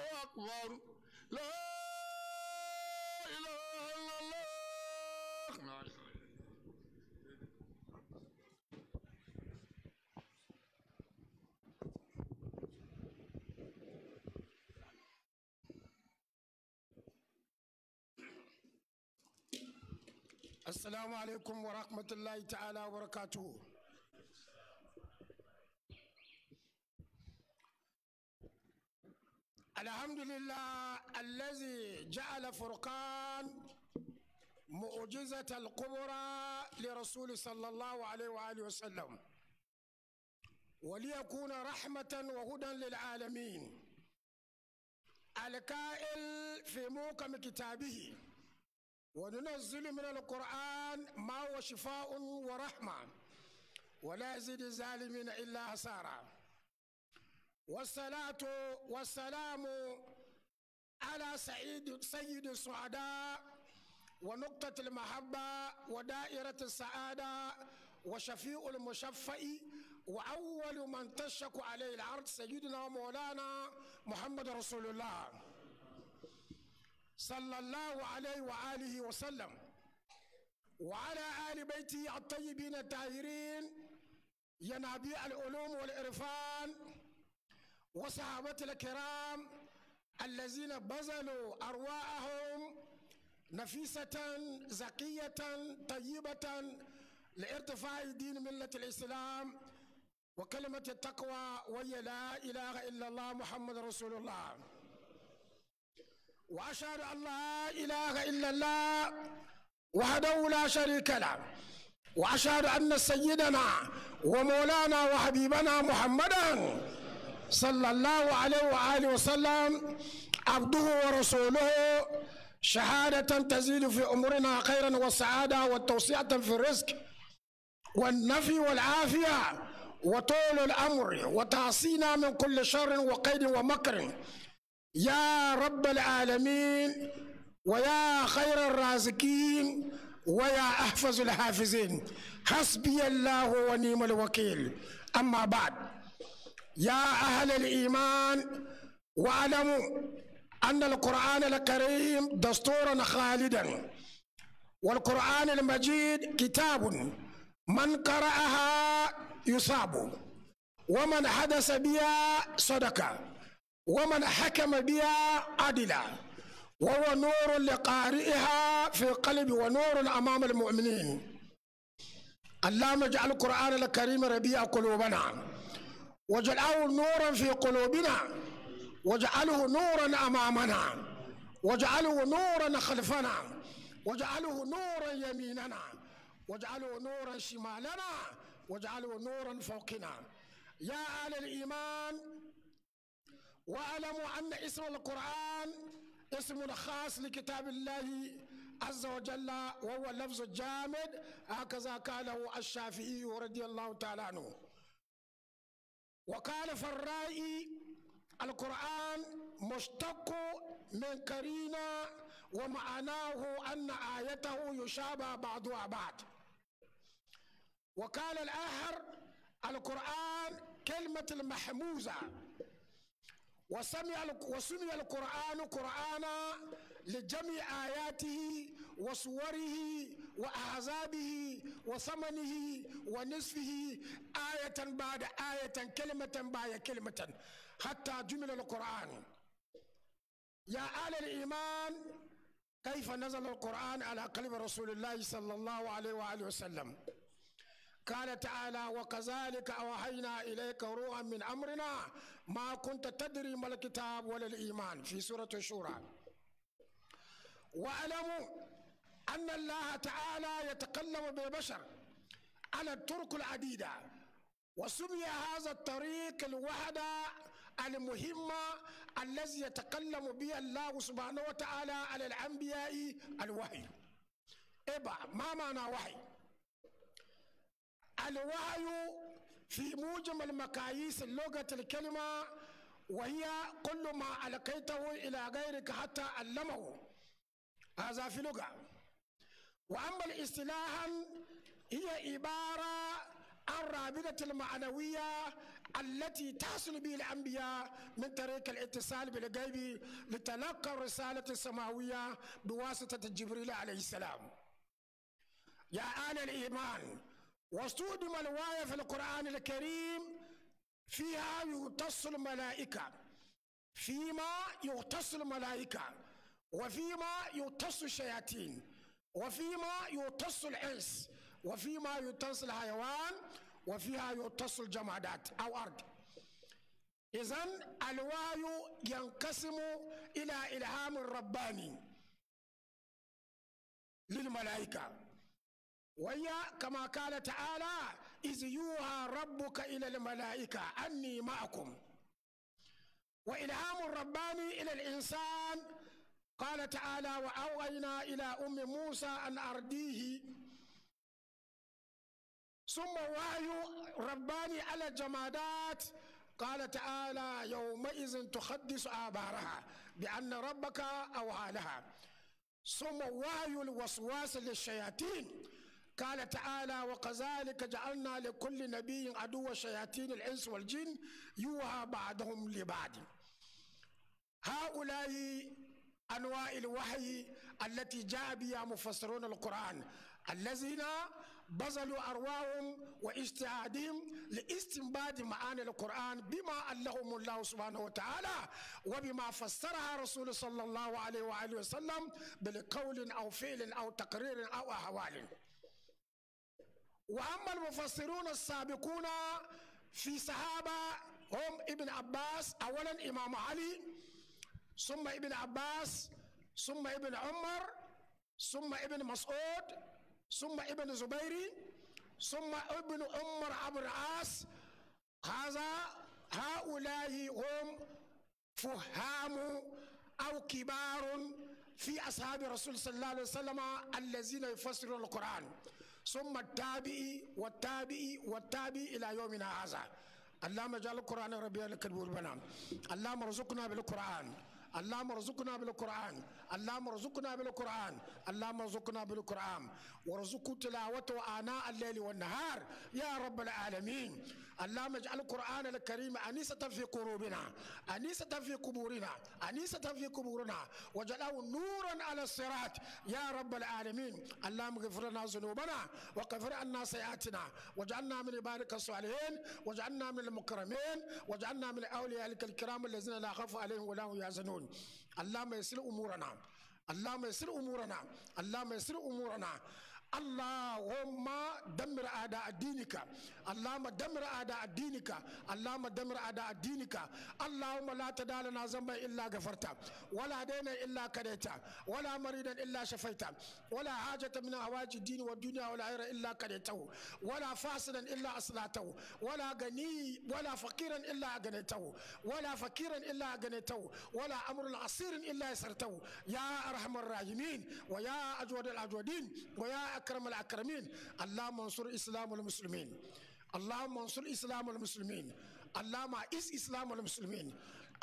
أكبر لا إله إلا الله السلام عليكم ورحمة الله تعالى وبركاته الحمد لله الذي جعل فرقان معجزة الكبرى لرسول صلى الله عليه وآله وسلم وليكون رحمة وهدى للعالمين الكائل في موكم كتابه وننزل من القرآن ما هو شفاء ورحمة ولا يزيد الظالمين إلا خساراً والصلاة والسلام على سعيد سيد السعداء ونقطة المحبة ودائرة السعادة وشفيع المشفئ وأول من تشك عليه العرض سيدنا مولانا محمد رسول الله صلى الله عليه وآله وسلم وعلى آل بيته الطيبين الطاهرين ينابيع العلوم والإرفان وصحابتي الكرام الذين بذلوا أرواحهم نفيسة زكية طيبة لارتفاع دين ملة الإسلام وكلمة التقوى وهي لا إله إلا الله محمد رسول الله وأشهد أن لا إله إلا الله وحده لا شريك له وأشهد أن سيدنا ومولانا وحبيبنا محمدا صلى الله عليه وآله وسلم عبده ورسوله شهادة تزيد في أمورنا خيرا والسعادة والتوسعة في الرزق والنفي والعافية وطول الأمر وتعصينا من كل شر وقيد ومكر يا رب العالمين ويا خير الرازقين ويا أحفظ الحافزين حسبي الله ونعم الوكيل أما بعد يا أهل الإيمان واعلموا أن القرآن الكريم دستورا خالدا والقرآن المجيد كتاب من قرأها يصاب ومن حدث بها صدق ومن حكم بها عدل وهو نور لقارئها في قلب ونور أمام المؤمنين اللهم اجعل القرآن الكريم ربيع قلوبنا واجعله نورا في قلوبنا واجعله نورا امامنا واجعله نورا خلفنا واجعله نورا يميننا واجعله نورا شمالنا واجعله نورا فوقنا يا اهل الإيمان واعلموا أن اسم القرآن اسم خاص لكتاب الله عز وجل وهو اللفظ الجامد هكذا قاله الشافعي رضي الله تعالى عنه وقال فرائي القرآن مشتق من كرينا ومعناه أن آيته يشابه بعضها بعض وقال الآخر القرآن كلمة المحموزة وسمي القرآن قرآنا لجميع آياته وصوره وأعذابه وثمنه ونصفه آية بعد آية كلمة بعد كلمة حتى جمل القرآن يا آل الإيمان كيف نزل القرآن على قلب رسول الله صلى الله عليه وآله وسلم قال تعالى وكذلك أوحينا إليك روحا من أمرنا ما كنت تدري ما الكتاب ولا الإيمان في سورة الشورى واعلموا أن الله تعالى يتكلم بالبشر على الطرق العديدة وسمي هذا الطريق الوحدة المهمة الذي يتكلم بها الله سبحانه وتعالى على الأنبياء الوحي إبا ما معنى وحي الوحي في موجم المقاييس لغة الكلمة وهي كل ما ألقيته إلى غيرك حتى علمه هذا في لغة وأما الاصطلاح هي عبارة عن رابطة المعنوية التي تصل به الأنبياء من طريق الاتصال بالغيب لتلقى الرسالة السماوية بواسطة جبريل عليه السلام يا آل الإيمان واستودم الواية في القرآن الكريم فيها يغتص الملائكة فيما يغتص الملائكة وفيما يغتص الشياطين وفيما يوتص الإنس وفيما يوتص الحيوان وفيها يوتص الجمادات أو أرض إذا الوعي ينقسم إلى إلهام الرباني للملائكة وهي كما قال تعالى إذ يوها ربك إلى الملائكة أني معكم وإلهام الرباني إلى الإنسان قال تعالى وأوينا إلى أم موسى أن أرديه ثم وعي رباني على الجمادات قال تعالى يومئذ تحدث آبارها بأن ربك أوعى لها ثم وعي الوسواس للشياطين قال تعالى وكذلك جعلنا لكل نبي عدو شياطين الإنس والجن يوها بعضهم لبعض هؤلاء أنواع الوحي التي جاء بها مفسرون القرآن الذين بذلوا أرواهم واجتهادهم لاستنباط معاني القرآن بما ألهم الله سبحانه وتعالى وبما فسرها رسول صلى الله عليه وآله وسلم بقول أو فعل أو تقرير أو أحوال وأما المفسرون السابقون في صحابة هم ابن عباس أولا إمام علي ثم ابن عباس ثم ابن عمر ثم ابن مسعود ثم ابن زبير ثم ابن عمر عبد العاص هذا هؤلاء هم فهام أو كبار في أصحاب رسول صلى الله عليه وسلم الذين يفسرون القرآن ثم التابعي والتابعي والتابعي إلى يومنا هذا اللهم اجعل القرآن ربيع لك البربنا اللهم ارزقنا بالقرآن اللهم ارزقنا بالقرآن اللهم ارزقنا بالقرآن اللهم ارزقنا بالقرآن وارزقوا تلاوته آناء الليل والنهار يا رب العالمين اللهم اجعل القرآن الكريم أنيسة في قلوبنا أنيسة في قبورنا أنيسة في قبورنا واجعله نورا على الصراط يا رب العالمين اللهم اغفر لنا ذنوبنا وغفر لنا سيئاتنا واجعلنا من عبادك الصالحين واجعلنا من المكرمين واجعلنا من اولياء الكرام الذين لا خوف عليهم ولا هم يحزنون الله ما يسر امورنا الله ما يسر امورنا الله ما يسر امورنا Allahumma damir ada addinika Allahumma damir ada addinika Allahumma damir ada addinika Allahumma la tada lana zamba illa gafarta wala daina illa kadaita wala maridan illa shafaita wala hajata min hawaji dini wa dunya wala ayra illa kadaitahu wala fasidan illa aslatahu wala gani wala faqiran illa aganaitahu wala fakiran illa aganaitahu wala amrun asirin illa yasartahu ya arhamar rahimin wa ya wa ya أكرم الأكرمين اللهم انصر الإسلام والمسلمين اللهم انصر الإسلام والمسلمين اللهم أعز إسلام والمسلمين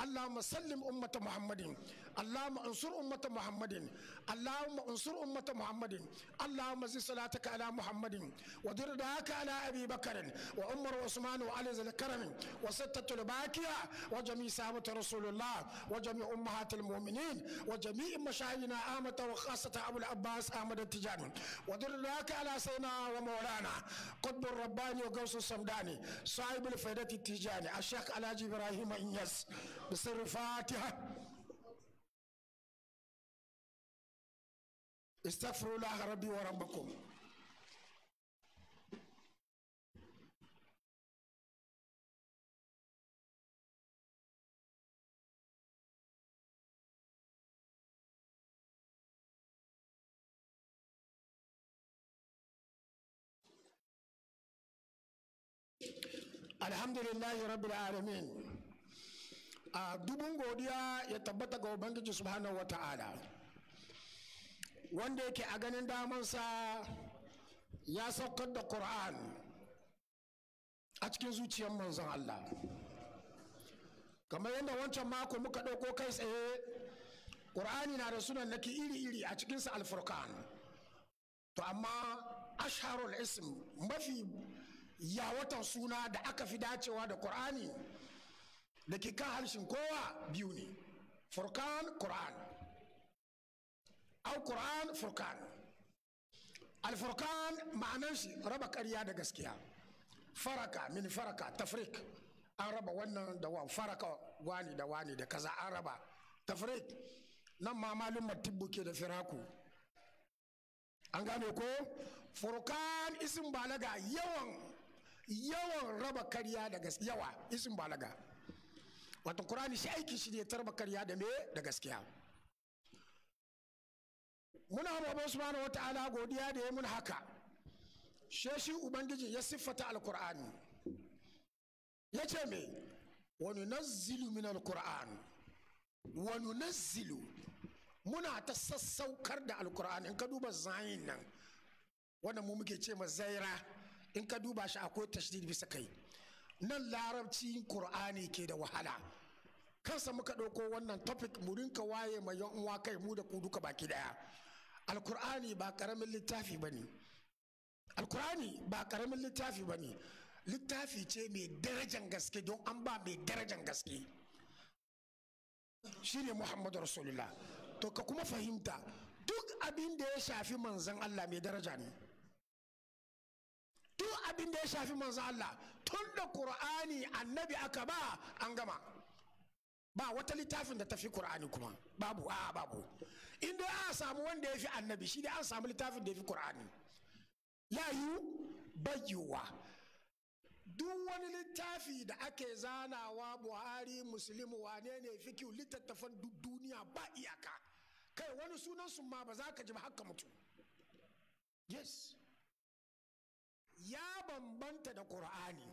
اللهم سلم أمة محمد اللهم انصر أمة محمد اللهم انصر أمة محمد اللهم زد صلاتك على محمد ودر دعاك على أبي بكر وعمر وعثمان وعلي ذي الكرم وستة الباكية وجميع سامة رسول الله وجميع أمهات المؤمنين وجميع مشايخنا آمة وخاصة أبو العباس أحمد التجاني ودر دعاك على سيدنا ومولانا قطب الرباني وقوس السمداني صاحب الفائدة التجاني الشيخ علاج إبراهيم إنيس بصير الفاتحة استغفروا الله ربي وربكم الحمد لله رب العالمين a dubun godiya ya tabbata ga ubangiji subhanahu wa ta'ala wanda yake a ganin damansa ya saukar da ƙur'an a cikin zuciyar manzon Allah kamar yadda wancan mako muka ɗauko kai tsaye ƙur'ani na da sunan naki iri-iri a cikinsa alfurkan to amma asharul ism mafi yawatan suna da aka fi dacewa da ƙur'ani da ke kan harshen kowa biyu ne furkan quran au quran furkan alfurkan ma'anar shi raba karya da gaskiya faraka min faraka tafrik an raba wannan da wani faraka wani da wani da kaza an raba tafrik nan ma malin matibu ke da firaku an gane ko furkan isin balaga yawan yawan raba karya da gaskiya yawa isin balaga wato qur'ani shi aiki shi ne tarba karya da me da gaskiya muna ma ba subhanahu wata'ala godiya da ya mun haka she shi ubangiji ya siffata alqur'ani ya ce me wa nunazzilu min alqur'an wa nunazzilu muna ta sassaukar da alqur'ani in ka duba zayin nan wannan mu muke ce ma zaira in ka duba shi akwai tashdid bisa kai nan larabci qur'ani ke da wahala kansa muka ɗauko wannan topic mu rinka waye mai yan uwa kai mu da ku duka baki daya alkur'ani ba karamin littafi ba ne alkur'ani ba karamin littafi ba ne littafi ce mai darajan gaske don an ba mai darajan gaske shi ne muhammadu rasulullah to ka kuma fahimta duk abin da ya shafi manzan allah mai daraja ne duk abin da ya shafi manzan allah tun da ƙur'ani annabi aka ba an gama ba wata littafin da tafi ƙur'ani kuma babu a babu inda dai ana samu wanda ya fi annabi shi dai an samu littafin da ya fi ƙur'ani layu bayyuwa duk wani littafi da ake zanawa buhari musulmi wane ne fikiyu littattafan duk duniya ba iyaka kai wani sunan sun ma ba za ka ji ba haka mutum yes ya bambanta da ƙur'ani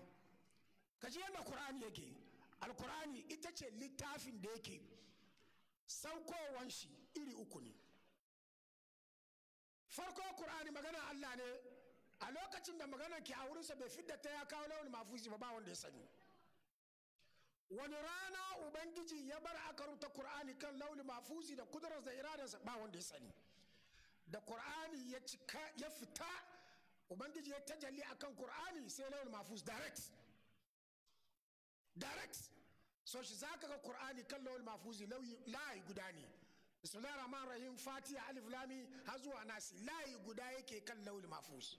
ka ji yadda ƙur'ani yake alƙur'ani ita ce littafin da yake saukowar shi iri uku ne farko ƙur'ani magana Allah ne a lokacin da magana ke a wurinsa bai fidda ta ya kawo launin mafuzi ba ba wanda ya sani wani rana ubangiji ya bar aka rubuta ƙur'ani kan launi mafuzi da kudurar da iradarsa ba wanda ya sani da ƙur'ani ya fita ubangiji ya tajalli a kan Kur'ani, sai lawal mafus direct direct so shi ka ga Kur'ani kan lawal mafuzi layi guda ne bismillahir rahman rahim fatiha alif lami har zuwa nasi layi guda yake kan lawal mafus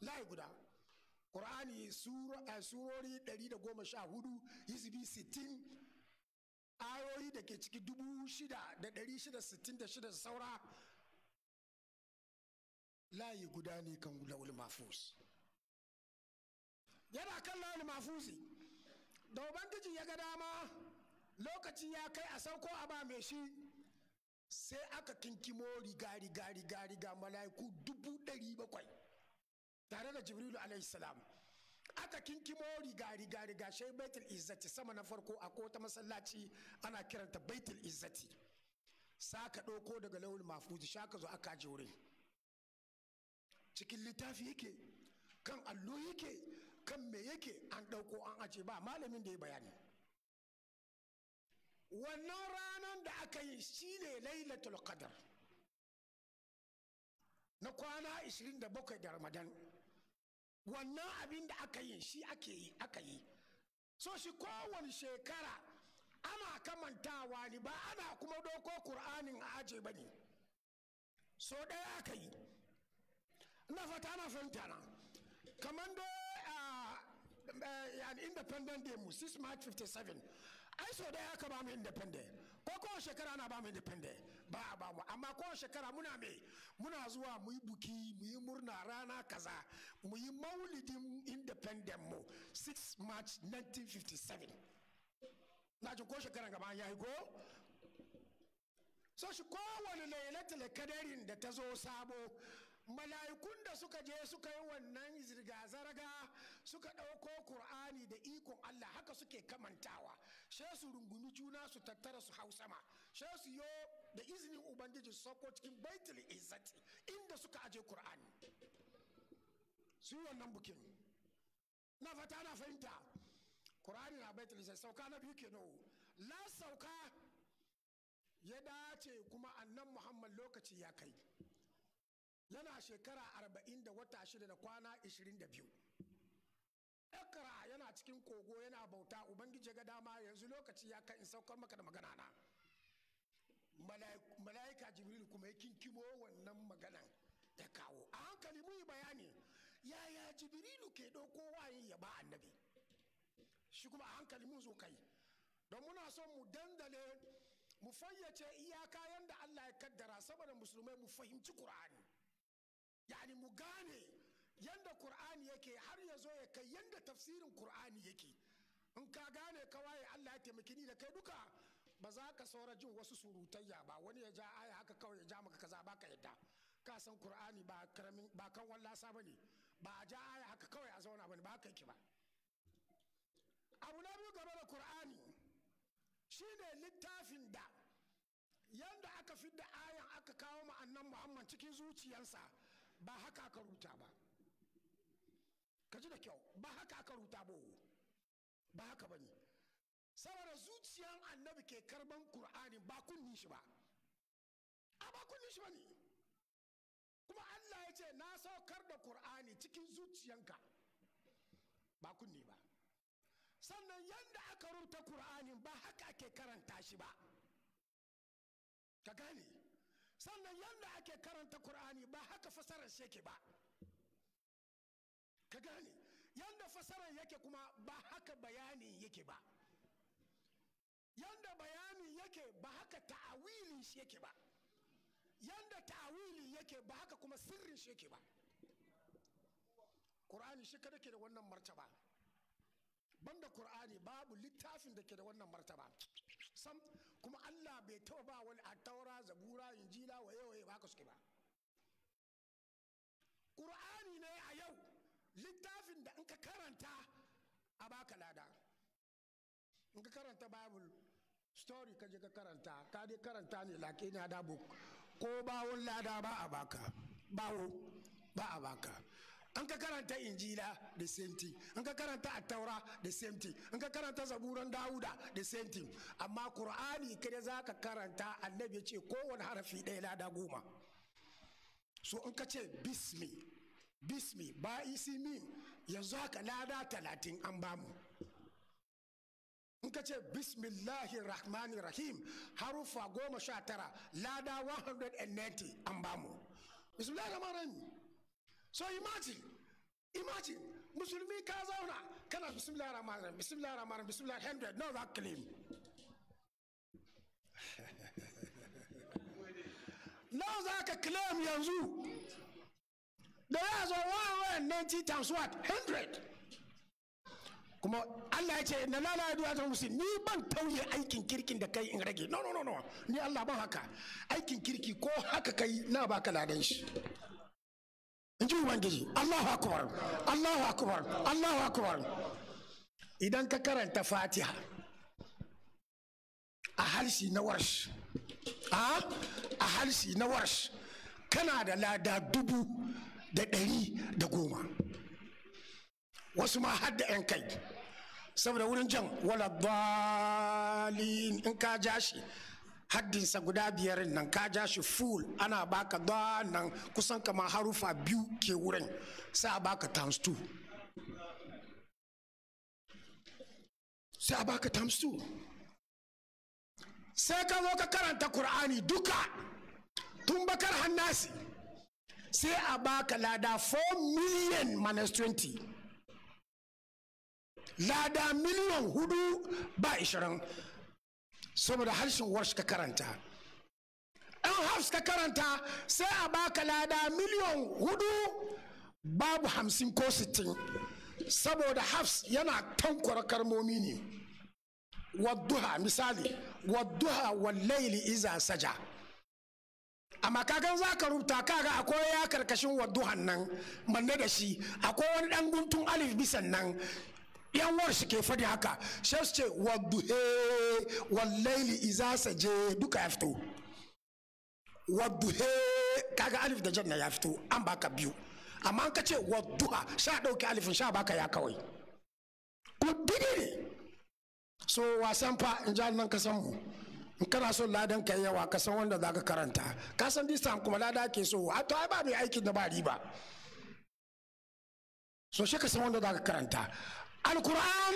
layi guda Kur'ani eh, surori 114 hizbi 60 ayoyi da ke ciki shida saura layi guda ne kan laul mafus yana kan laul mafusi da ubangiji ya ga dama lokaci ya kai a sauko a ba mai shi sai aka kinkimo riga riga riga riga mala'iku dubu ɗari bakwai tare da jibrilu alaihi salam aka kinkimo riga riga riga shai baitul izzati sama na farko a kota masallaci ana kiranta baitul izzati saka ɗauko daga laul mafuzi shaka zo aka ji wurin cikin littafi yake kan allo yake kan me yake an ɗauko an ace ba malamin da ya bayani wannan ranar da aka yi shi ne lailatul qadr na kwana 27 da ramadan wannan abin da aka yi shi ake yi aka yi so shi kowane shekara ana kamantawa ne ba ana kuma doko kur'anin a aje ba ne so ɗaya aka yi na fata na fahimta na kamar da ah, eh, an independent day mu 6 march 57 ai so da ka ba mu independent ko kowace shekara na ba mu independent ba a ba mu amma kowace shekara muna me muna zuwa mu yi buki mu yi murna rana kaza mu yi maulidin independent mu 6 march 1957 na ji ko shekara gaba ya yi go so shi kowane lailatul kadarin da ta zo sabo mala'ikun da suka je suka yi wannan zirga-zarga suka ɗauko ƙur'ani da ikon Allah haka suke kamantawa she su rungumi juna su tattara su hau sama she su yo da izinin ubangiji su sauko cikin baitul izzati inda suka aje Kur'ani su wannan bukin na fata na fahimta Kur'ani na baitul izzati sauka na biyu kenan la sauka ya dace kuma annan Muhammad lokaci ya kai yana shekara arba'in da wata shida da kwana ishirin da biyu Ekara yana cikin kogo yana bauta ubangiji ga dama yanzu lokaci ya kai in saukar maka da magana na mala'ika Jibiru kuma ya kinkimo wannan maganan ya kawo a hankali mu yi bayani yaya jibrilu ke ɗauko wayin ya ba annabi shi kuma a hankali mun zo kai don muna so mu dandale mu fayyace iyaka yanda Allah ya kaddara saboda musulmai mu fahimci Qur'ani yani mu gane yadda qur'ani yake har ya zo ya kai yadda tafsirin qur'ani yake in ka gane kawai Allah ya taimaki ni da kai duka ba za ka saura jin wasu surutayya ba wani ya ja aya haka kawai ya ja maka kaza ba ka yadda ka san qur'ani ba karamin ba kan wallasa bane ba a ja aya haka kawai a zauna bane ba haka yake ba abu na biyu gaba da qur'ani shine littafin da yanda aka fidda ayan aka kawo ma annan muhammad cikin zuciyarsa ba haka aka rubuta ba ka ji da kyau ba haka aka rubuta ba ba haka bane saboda zuciyan annabi ke karban qur'ani ba kunni shi ba a ba kunni shi bane kuma Allah ya ce na saukar da qur'ani cikin zuciyanka ba kunni ba sannan yanda aka rubuta qur'ani ba haka ke karanta shi ba ka gane sannan yadda ake karanta Kur'ani ba haka fasarar shi yake ba ka gane yadda fasarar yake kuma ba haka bayani yake ba yadda bayani yake ba haka ta'awilin shi yake ba yadda ta'awili yake ba haka kuma sirrin shi yake ba Kur'ani shi kada ke da wannan martaba banda Kur'ani babu littafin da ke da wannan martaba sam kuma Allah bai taɓa ba wani attaura zabura injila waye waye ba ka suke ba ƙur'ani ne a yau littafin da in ka karanta a baka lada in ka karanta bible story ka je ka karanta ka dai karanta ne laƙe na da book ko bawon lada ba a baka bawo ba a baka an ka karanta injila da same an ka karanta attaura da same thing an ka karanta zaburan dawuda da same thing amma qur'ani kada za ka karanta annabi ce kowane harafi ɗaya lada goma so in ka ce bismi bismi ba isi yanzu haka lada talatin an bamu in ka ce bismillahi rahmani rahim harufa goma sha tara lada 190 an bamu bismillahi rahmanir rahim so imagine imagine musulmi ka zauna kana bismillah ar rahman ar rahim bismillah ar rahman ar rahim bismillah 100 no rock claim no za ka claim yanzu da ya zo wawan 90 times what Hundred. kuma Allah ya ce na la la duwa ta musu ni ban tauye aikin kirkin da kai in rage no no no no ni Allah ban haka aikin kirki ko haka kai na baka ladan shi in ji ubangiji allahu akbar allahu akbar allahu akbar idan ka karanta fatiha a harshe na warsh a harshe na warsh kana da lada dubu da ɗari da goma wasu ma hadda 'yan kai saboda wurin jan wala in ka ja shi haddinsa guda biyar nan ka ja shi full ana baka nan kusan kama harufa biyu ke wurin sai a baka times two sai a baka times two sai ka zo ka karanta Kur'ani duka tun bakar hannasi sai a baka lada 4 million minus 20 lada miliyan hudu ba ishirin saboda harshen warsh ka karanta ɗan hafs ka karanta sai a baka lada miliyan hudu babu hamsin ko sittin saboda hafs yana tankwara karmomi ne wadduha misali wadduha wallaili iza saja amma kagan za ka rubuta kaga akwai ya karkashin wadduhan nan manne da shi akwai wani dan guntun alif bisan nan yan war shi ke fadi haka sai su ce wadduhe eh, wallaili iza je duka ya fito wadduhe eh, kaga alif da janna ya fito an baka biyu amma an ka ce wadduha ah, sha dauki alifin sha baka ya kawai kuddini ne so wasan fa in ji nan ka san mu in kana son ladan ka yawa ka san wanda zaka karanta ka san this kuma lada ke so a to ai ba mai aikin da ba riba so shi ka san wanda zaka karanta alkur'an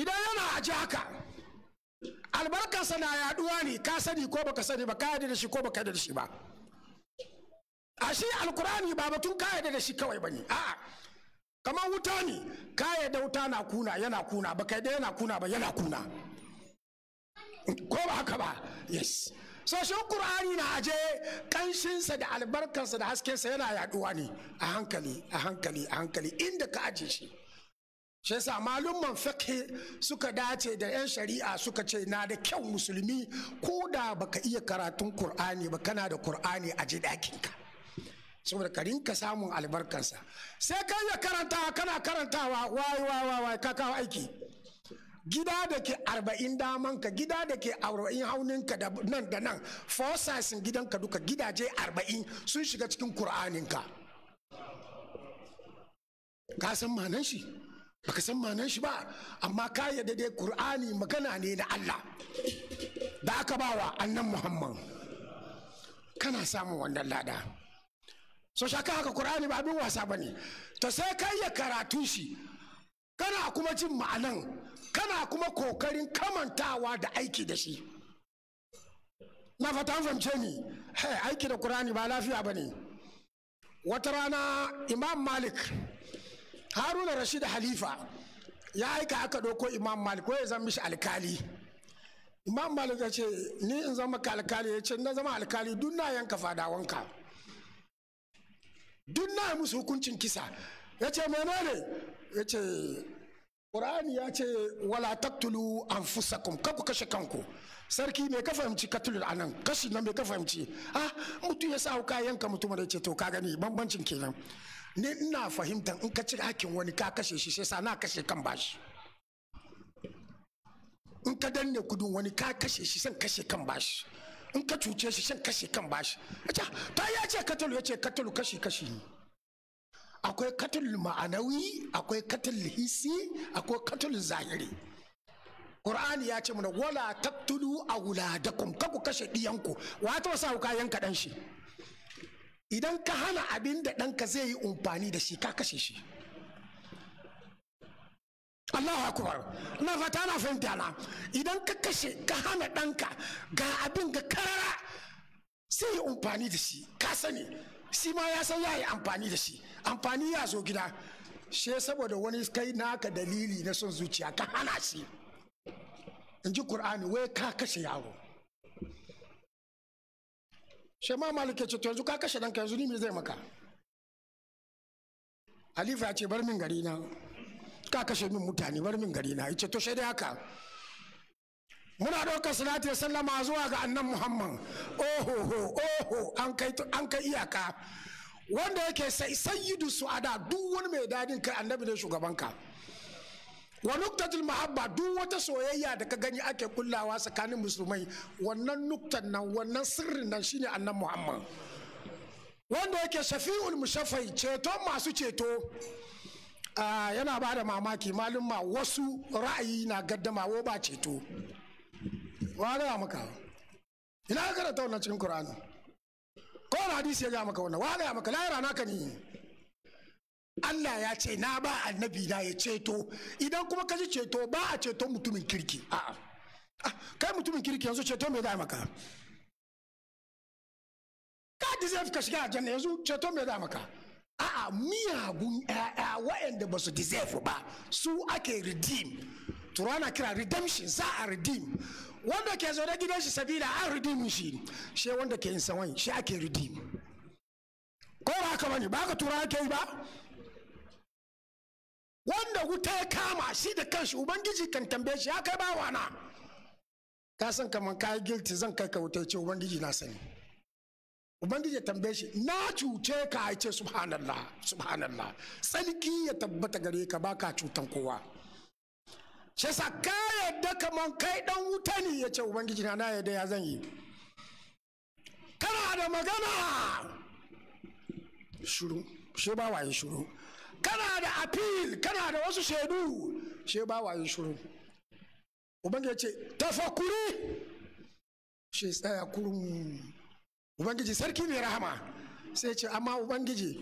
idan yana aji haka albarkarsa na yaduwa ne ka sani ko baka sani ba ka yadda da shi ko baka yadda da shi ba a shi alkur'ani ba batun ka yadda da shi kawai bane a'a kamar wuta ne ka yadda wuta na kuna yana kuna baka yadda yana kuna ba yana kuna ko ba haka ba yes so shi qur'ani na aje kanshinsa da albarkarsa da haskensa yana yaduwa ne a hankali a hankali a hankali inda ka aje shi shi yasa malumman fiqh suka dace da 'yan shari'a suka ce na da kyau musulmi ko da baka iya karatun Kur'ani ba kana da Kur'ani a ji dakinka saboda ka rinka samun albarkarsa sai ka iya karanta kana karantawa wai wai wai ka kawo aiki gida da ke arba'in damanka gida da ke arba'in hauninka da nan da nan fosasin gidanka duka gidaje arba'in sun shiga cikin kur'aninka ka san manan shi baka san manan shi ba amma ka yadda dai Kur'ani magana ne na Allah da aka bawa annan Muhammad kana samun wannan lada so shaka haka Kur'ani ba abin wasa bane to sai kai ya karatu shi kana kuma jin ma'anan kana kuma kokarin kamantawa da aiki da shi na fata fahimce ni aiki da Kur'ani ba lafiya bane wata rana Imam Malik haruna rashid halifa ya aika aka ɗauko imam malik wai ya zama mishi alkali imam malik ya ce ni in zama ka alkali ya ce na zama alkali duk na yanka fadawanka duk na musu hukuncin kisa ya ce menene ya ce Qur'ani ya ce wala taktulu anfusakum kanku kashe kanku sarki me ka fahimci katulul anan kashi na me ka fahimci ah mutu ya sa ka yanka mutum da ya ce to ka gani bambancin kenan ni ina fahimta in ka ci hakin wani ka kashe shi sai sa na kashe kan bashi in ka danne kudin wani ka kashe shi san kashe kan bashi in ka cuce shi san kashe kan bashi ta ya ce katul ya ce katul kashi kashi ne akwai katul ma'anawi akwai katul hisi akwai katul zahiri Qur'ani ya ce mana wala taqtulu awladakum kaku kashe diyanku wa ta wasa ka yanka dan shi idan ka hana abin da ɗanka zai yi umfani da shi ka kashe shi Allahu akbar na fata na fahimta na idan ka kashe ka hana ɗanka ga abin ga karara sai yi amfani da shi ka sani shi ma ya san ya yi amfani da shi amfani ya zo gida shi saboda wani kai naka dalili na son zuciya ka hana shi in ji Kur'ani wai ka kashe yaro shema malik ya ce to yanzu ka kashe ɗanka yanzu ni me zai maka halifa ya ce bar min gari na ka kashe min mutane bar min gari na ya ce to shaidai haka muna ɗaukar salatu sallama zuwa ga annan muhammad oho oho an kai an kai iyaka wanda yake sai sayyidu su'ada duk wani mai dadin kai annabi ne shugabanka wa nuktatul mahabba duk wata soyayya da ka gani ake kullawa tsakanin musulmai wannan nuktan nan wannan sirrin nan shine annan muhammad wanda yake shafi'ul mushafai ceto masu ceto ah, yana ba da mamaki malumma wasu ra'ayi na gaddama wo ba ceto wa ga maka ina ka karanta wannan cikin qur'ani ko hadisi ya ga maka wannan wa ga maka la yarana ka Allah ya ce na ba annabi na ya ceto idan kuma ka ji ceto ba a ceto mutumin kirki a'a ah, kai mutumin kirki yanzu ceto mai da maka ka deserve ka shiga aljanna yanzu ceto mai da maka a'a miyagun ƴaƴa waɗanda ba su deserve ba su ake redeem turana kira redemption za a redeem wanda ke zaune gidan shi sabida an redeem shi shi wanda ke yin sawan shi ake redeem ko ba haka bane ba ka tura ake yi ba wanda wuta ya kama shi da kanshi ubangiji kan tambaye shi ya kai bawana ka san kaman yi gilti zan kai ka wuta ce ubangiji na sani ubangiji ya tambaye shi na cuce ka a ce subhanallah subhanallah tsarki ya tabbata gare ka ba ka cutan kowa shi sa ka yadda kaman kai dan wuta ne ya ce ubangiji na na yadda ya zan yi kana da magana shuru shi ba waye shuru kana da appeal kana da wasu shaidu shi ba wa yin shuru ubangiji ya ce tafakuri shi tsaya kurum ubangiji sarki mai rahama sai ce amma ubangiji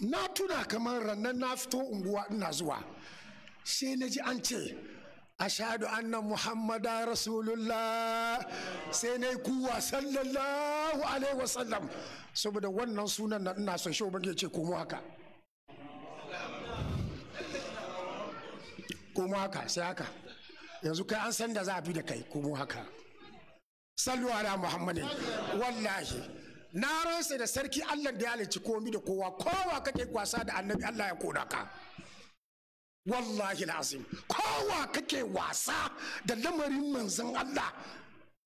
na tuna kamar rannan na fito unguwa ina zuwa sai na ji an ce ashadu anna muhammada rasulullah sai na yi kuwa sallallahu alaihi wasallam saboda wannan sunan na ina son shi ubangiji ce komo haka komo haka sai haka yanzu kai an san da za a bi da kai komo haka sallu ala muhammadin wallahi na ransa da sarki allah da ya halicci komi da kowa kowa kake kwasa da annabi allah ya koda ka wallahi lazim kowa kake wasa da lamarin manzon Allah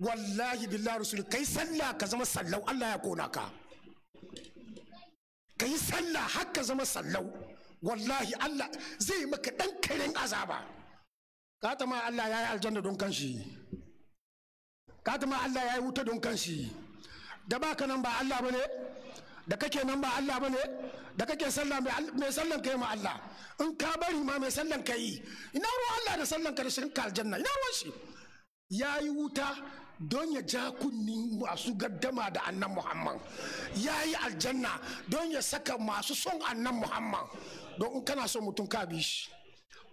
wallahi billahi rasul kai sallah ka zama sallau Allah ya kona ka kai sallah har ka zama sallau wallahi Allah zai maka dan karin azaba ka ma Allah ya yi aljanna don kanshi ka ma Allah ya yi wuta don kanshi da baka nan ba Allah bane da kake nan ba Allah bane da kake sallah mai sallan ka yi ma Allah in ka bari ma mai sallan ka yi ina ruwan Allah da sallan ka da shirin ka aljanna ina ruwan shi ya yi wuta don ya ja kunni masu gaddama da annan muhammad ya yi aljanna don ya saka masu son annan muhammad don in kana son mutum ka bi shi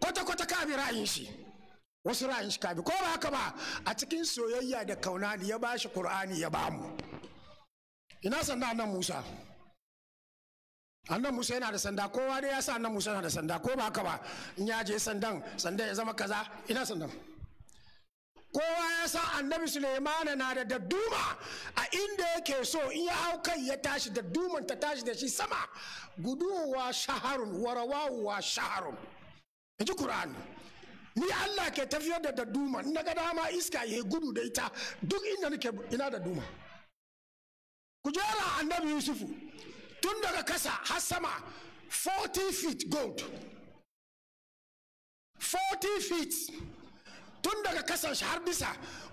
kwata-kwata ka bi ra'ayin shi wasu ra'ayin shi ka bi ko ba haka ba a cikin soyayya da kauna ne ya ba shi qur'ani ya ba mu ina sannan nan musa annan musa yana da sanda kowa dai ya sa annan musa yana da sanda ko ba haka ba in ya je sandan sandan ya zama kaza ina sandan kowa ya sa annabi suleimana na da dadduma a inda yake so in ya hau kai ya tashi dadduman ta tashi da shi sama guduwa shaharun warawawa shaharun in ji qur'ani ni allah ke tafiyar da dadduma na ga dama iska ya gudu da ita duk inda nake ina dadduma ku jera annabi yusufu tun daga kasa har sama 40 feet gold 40 feet tun daga kasan shi har bisa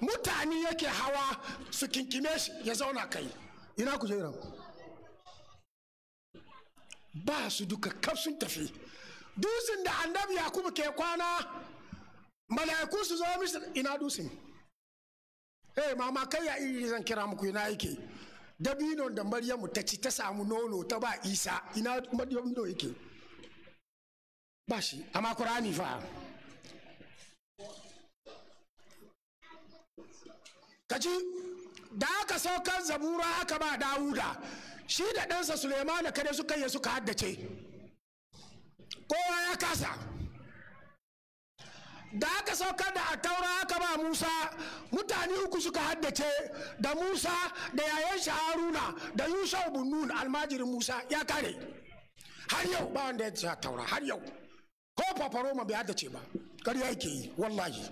mutane yake hawa su kinkime shi ya zauna kai ina ku jera ba su duka kaf sun tafi dusin da annabi kuma ke kwana mala'iku su zo mishi ina dusin eh mama kai ya iri zan kira muku ina yake dabino da maryamu ta ci ta samu nono ta ba isa ina yake ba shi amma kurani fa da aka so kan zabura aka ba dawuda shi da ɗansa suleimana kada suka yi suka haddace kowa ya kasa da aka saukar da attaura aka ba musa mutane uku suka haddace da musa da yayan shi haruna da yusuf bin nun almajirin musa ya kare har yau ba wanda ya ta taura, har yau ko fafaroma bai haddace ba ƙarya yake yi wallahi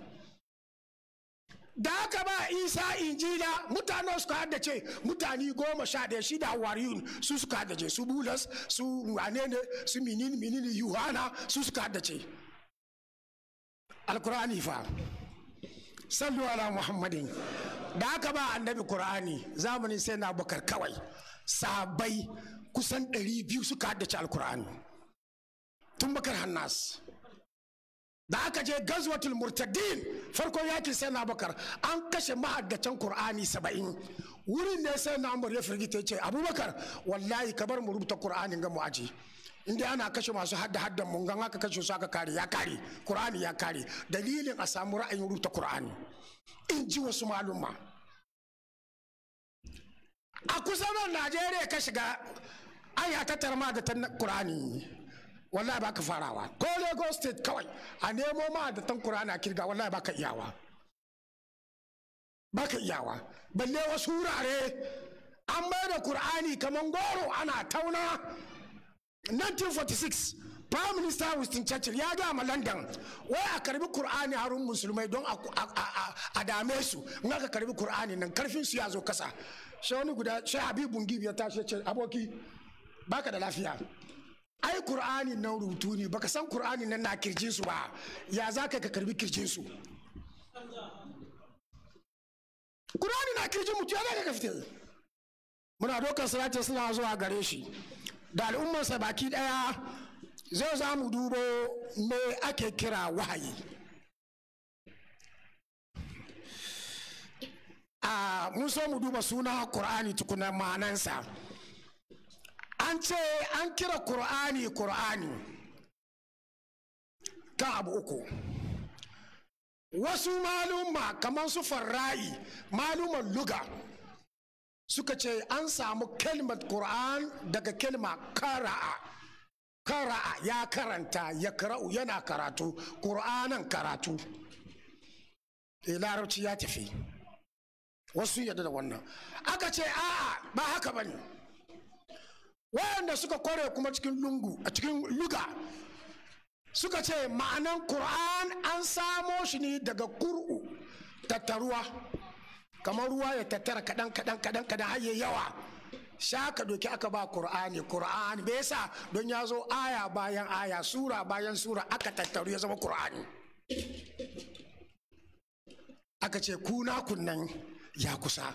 da aka ba isa injila mutane suka haddace mutane goma sha ɗaya shida wariyun su suka haddace su bulas su Anene, su Minin, Minin Yuhana, su suka haddace alkur'ani fa sallu ala muhammadin da aka ba annabi qur'ani zamanin sai na bakar kawai sahabbai kusan 200 suka haddace alkur'ani tun bakar hannas da aka je gazwatul murtadin farkon yakin sai na bakar an kashe mahaddacin qur'ani saba'in wurin ne sai na umar ya firgita ce abubakar wallahi ka bar mu rubuta ƙur'ani ga mu aji dai ana kashe masu hadda haddan mungan aka kashe su aka kare ya kare qur'ani ya kare dalilin a samu ra'ayin rubuta qur'ani in ji wasu malumma. a kusan nan najeriya ka shiga ai ya tattara ma da tan qur'ani wallahi baka farawa ko lagos state kawai a nemo ma da tan qur'ani a kirga wallahi baka iyawa baka iyawa balle wasu wurare an bai da qur'ani kaman goro ana tauna 1946 prime minister winston churchill ya ga ma london wai a karbi qur'ani harun musulmai don a dame su in aka karbi kur'ani nan karfin su ya zo kasa sai wani guda sai habibun gibi ya tashi ce aboki baka da lafiya ai kur'ani nan rubutu ne baka san kur'ani nan na kirjin su ba ya za ka ka karbi kirjin su kur'ani na kirjin mutu ya za ka ka fita muna dokar salati suna zuwa gare shi da al'ummarsa baki ɗaya zai za mu dubo me ake kira wahayi a mun so mu duba suna ƙur'ani tukuna ma'anansa an ce an kira ƙur'ani ƙur'ani kan abu uku wasu maluma kamar su farra'i maluman luga suka ce an samu kalmar Kur'an daga kalma kara'a kara'a ya karanta ya kara'u yana karatu Qur'anan karatu eh, larabci ya tafi wasu yadda da wannan aka ce a'a ba haka bane wayanda suka kware kuma cikin lungu a cikin luga suka ce ma'anan Kur'an an samo shi ne daga kur'u tattaruwa kamar ruwa ya tattara kaɗan kaɗan kaɗan kaɗan har yawa sha ka doki aka ba qur'ani qur'ani bai yasa don ya zo aya bayan aya sura bayan sura aka tattaru ya zama qur'ani aka ce kuna kunnan ya kusa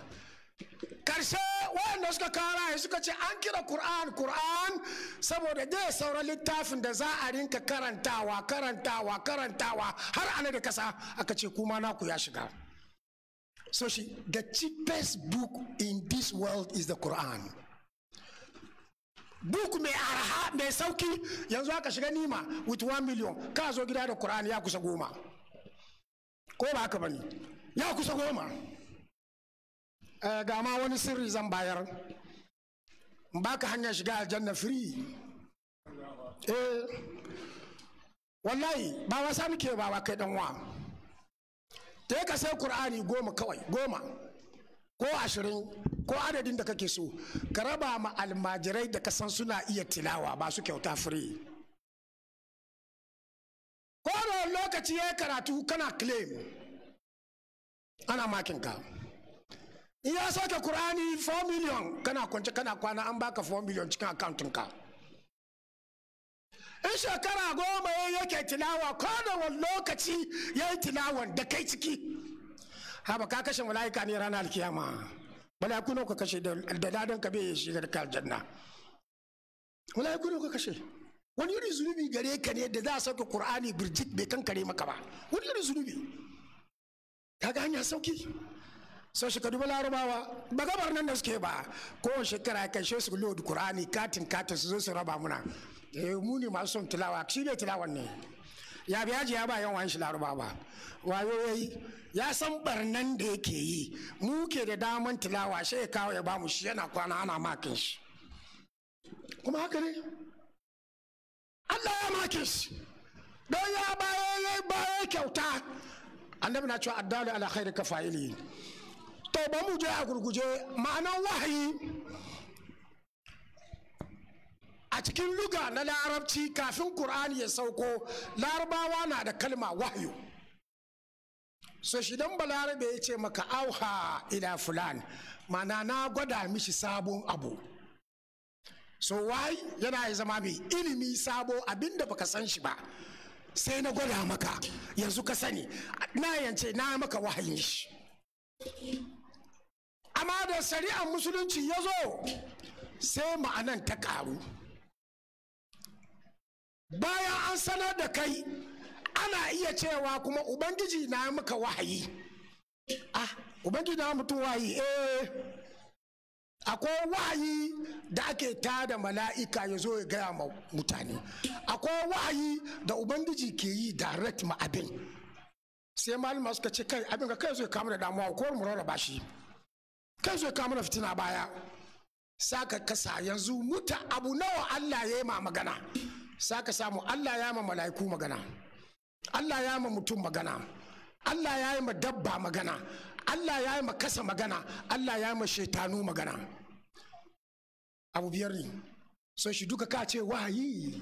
karshe waɗanda suka kara suka ce an kira Kur'an Kur'an saboda dai sauran littafin da za a rinka karantawa karantawa karantawa har ana da kasa aka ce kuma naku ya shiga So she, the cheapest book in this world is the Quran. Book mai araha mai sauki yanzu aka shiga nima with 1 million ka zo gida da Quran ya kusa goma. Ko ba haka bane? Ya kusa goma. Eh, ga ma wani sirri zan bayar. Baka hanyar shiga aljanna free. Eh wallahi ba wasa muke ba ba kai dan wa. ta ka sai Kur'ani goma kawai goma ko ashirin ko adadin da kake so ka raba ma almajirai da kasan suna iya tilawa ba su kyauta fure ko lokaci ya karatu kana claim ana makin ka in ya soke qur'ani 4 million kana kwance kana kwana an baka 4 million cikin akantunka ka in shekara goma ya yake tilawa wani lokaci ya yi tilawan da kai ciki haba ka kashe mala'ika ne ranar alkiyama mala'iku ne ka kashe da dadan ka bai shiga da aljanna mala'iku ne ka kashe wani irin zunubi gare ka ne da za a sauke qur'ani birjit bai kankare maka ba wani irin zunubi ga hanya sauki sau shekaru ba larabawa ba gabar nan da suke ba kowace shekara ya kai su lodi qur'ani katin katin su zo su raba muna eh mu ne masu son tilawa shi ne tilawan ne ya biya ji ya ba yan shi laruba ba wayo yayi ya san barnan da yake yi mu ke da daman tilawa shi ya kawo ya ba mu shi yana kwana ana makin shi kuma haka ne Allah ya makin shi don ya baya ya baya kyauta annabi na cewa addalu ala khairi ka fa'ili to ba mu je a gurguje ma'anan wahayi a cikin luga na larabci kafin ƙur'ani ya sauko larabawa na da kalma wahyu so shi dan balarabe ya ce maka auha ila fulan mana na gwada mishi sabon abu so wai yana ya zama mai ilimi sabo abinda baka san shi ba sai na gwada maka yanzu ka sani na yance na maka wahayin shi amma da shari'ar musulunci ya zo sai ma'anan ta karu bayan an sanar da kai ana iya cewa kuma ubangiji na muka wahayi ah ubangiji na mutum wahayi eh akwai wahayi da ake tada mala'ika ya zo ya gaya ma mutane akwai wahayi da ubangiji ke yi direct ma abin sai malama suka ce kai abin ka kai zai kama da damuwa ko mu rarraba shi kai zai kama da fitina baya saka kasa yanzu muta abu nawa Allah ya yi ma magana saka samu Allah ya ma mala'iku magana Allah ya ma mutum magana Allah ya yi ma dabba magana Allah ya yi ma kasa magana Allah ya yi ma shaitanu magana abu biyar ne so shi duka ka ce wahayi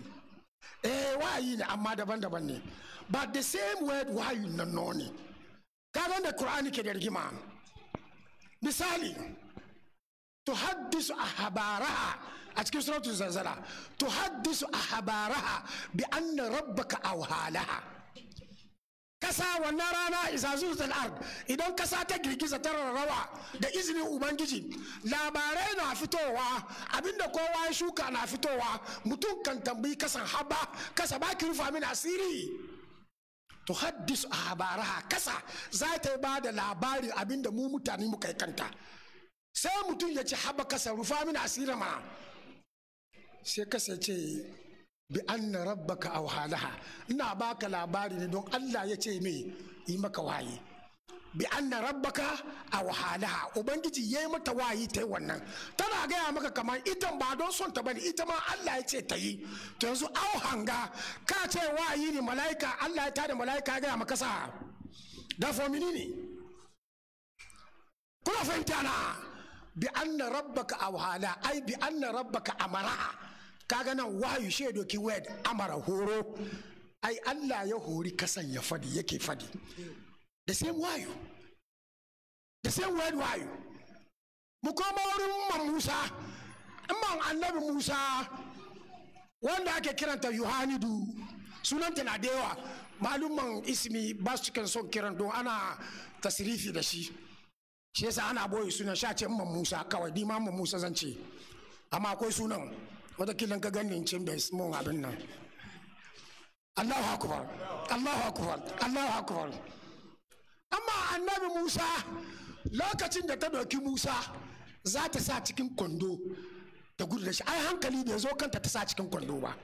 eh wahayi ne amma daban-daban ne but the same word wahayi nan no ne ka da Qur'ani ke da rigima misali to a habara. a cikin suratun zanzara haddisu tuhaddisu ahbaraha bi anna rabbaka awhalaha kasa wannan rana isa zulzal ard idan kasa ta girgiza ta rarrawa da izinin ubangiji labarai na fitowa abinda kowa ya shuka na fitowa mutum kan tambayi kasan haba kasa ki rufa min asiri tuhaddisu ahbaraha kasa za ta ba da labari abinda mu mutane muka kanta sai mutum ya ci haba kasa rufa min asiri ma. sai kasance bi anna rabbaka auhalaha ina baka labari ne don Allah ya ce mai yi maka waye bi anna rabbaka auhalaha ubangiji yayi mata wayi ta yi wannan tana gaya maka kamar ita ba don son ta bane ita ma Allah ya ce ta yi to yanzu hanga ka ce wayi ne mala'ika Allah ya tada mala'ika ya gaya maka sa da fa ne kuna fahimta na bi anna rabbaka auhala ai bi anna rabbaka amara kaga nan wayu she doki wed amara horo ai Allah ya hori kasan ya fadi yake fadi the same wayu, the same word wayu, mu koma wurin Musa man annabi Musa wanda ake kiranta Yohanidu sunanta na dewa malumman ismi ba su cikin son kiran don ana tasirifi da shi shi yasa ana boye sunan sha ce man Musa kawai ni ma Musa zan ce amma akwai sunan Watakila ka ganin cin bai mun abin nan Allahu akbar Allahu akbar Allahu akbar amma annabi Musa lokacin da ta doki Musa za ta sa cikin kwando ta gudu da shi ai hankali bai zo kanta ta sa cikin kwando ba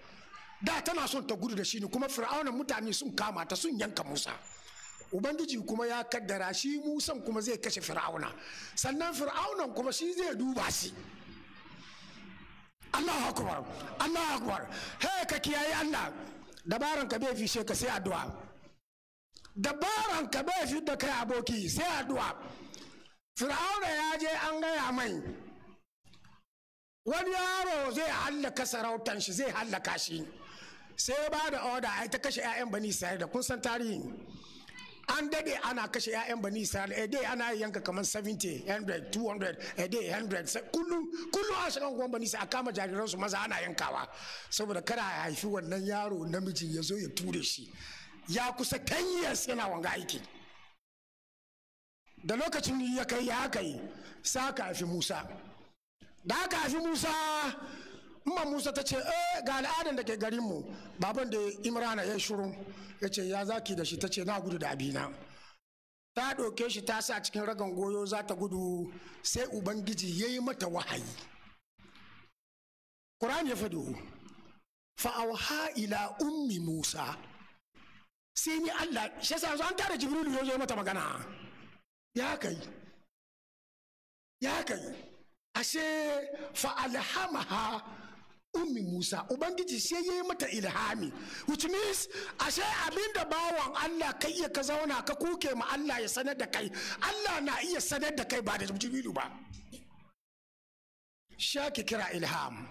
da tana son ta gudu da shi ne kuma fir'aunan mutane sun kama ta sun yanka Musa ubangiji kuma ya kaddara shi musan kuma zai kashe fir'auna sannan fir'aunan kuma shi zai duba shi Allah akbar Allah akbar he ka kiyaye Allah dabaran ka bai fishe ka sai addu'a dabaran ka bai fi da kai aboki sai addu'a fir'auna ya je an gaya mai wani yaro zai hallaka sarautan shi zai hallaka shi sai ba da oda ai ta kashe 'ya'yan bani sai da kun san tarihi an dade ana kashe 'ya'yan bani israel eh, a day ana yanka kamar 70 100 200 a day 100 kullum a shigan gwan bani a kama jariransu maza ana yankawa saboda kada a haifi wannan yaro namiji ya zo ya ture shi ya kusa 10 years yana wanga aiki da lokacin ya kai ya kai sa ka haifi musa da ka haifi musa ma musa ta ce eh ga al'adan da ke garin mu baban da imrana ya shiru ya ce ya zaki da shi ta ce na gudu da abina ta ɗauke shi ta sa cikin ragan goyo za ta gudu sai ubangiji ya yi mata wahayi Quran ya fado fa'auha ila ummi musa sai ni allah shi yasa an tare jibrilu ya zo mata magana ya kai ya kai ashe fa'alhamaha ummi Musa ubangiji sai ya yi mata ilhami which means ashe abin da bawan Allah kai ya ka zauna ka kuke ma Allah ya sanar da kai Allah na iya sanar da kai ba da Jibrilu ba shaki kira ilham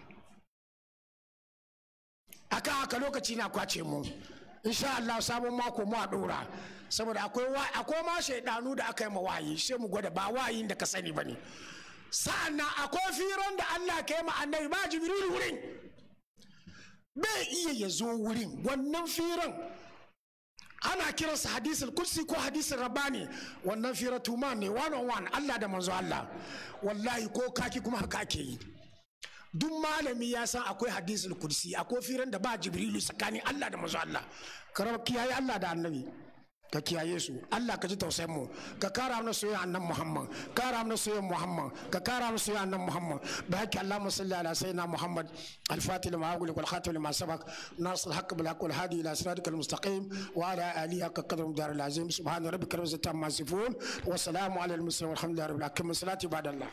aka haka lokaci na kwace mu insha Allah sabon mako mu a dora saboda akwai akwai ma shaidanu da aka yi ma wayi sai mu gwada ba wayin da ka sani bane ne Sa'an sa'annan akwai firan da Allah ka yi ma ba jibril wurin bai iya ya zo wurin wannan firan ana kiransa hadisul kursi ko hadisul rabani wannan firan tuma ne one on one Allah da manzo Allah wallahi ko kaki kuma haka ke yi duk malami ya san akwai hadisul kursi akwai firan da ba jibrilu tsakanin Allah da manzo Allah ya kiyaye Allah da annabi ka kiyaye su Allah ka ji tausayin mu ka kara mana soyayya annan Muhammad kara mana soyayya Muhammad ka kara mana soyayya annan Muhammad da hakki Allahumma salli ala sayyidina Muhammad al-fatih lima aqul wal khatim lima sabaq nasr al-haqq bil haqq wal hadi ila siratikal mustaqim wa ala alihi haqq qadrum dar al-azim subhan rabbika rabbil izzati amma yasifun wa salamun ala al-mursalin walhamdulillahi rabbil alamin salati ba'da Allah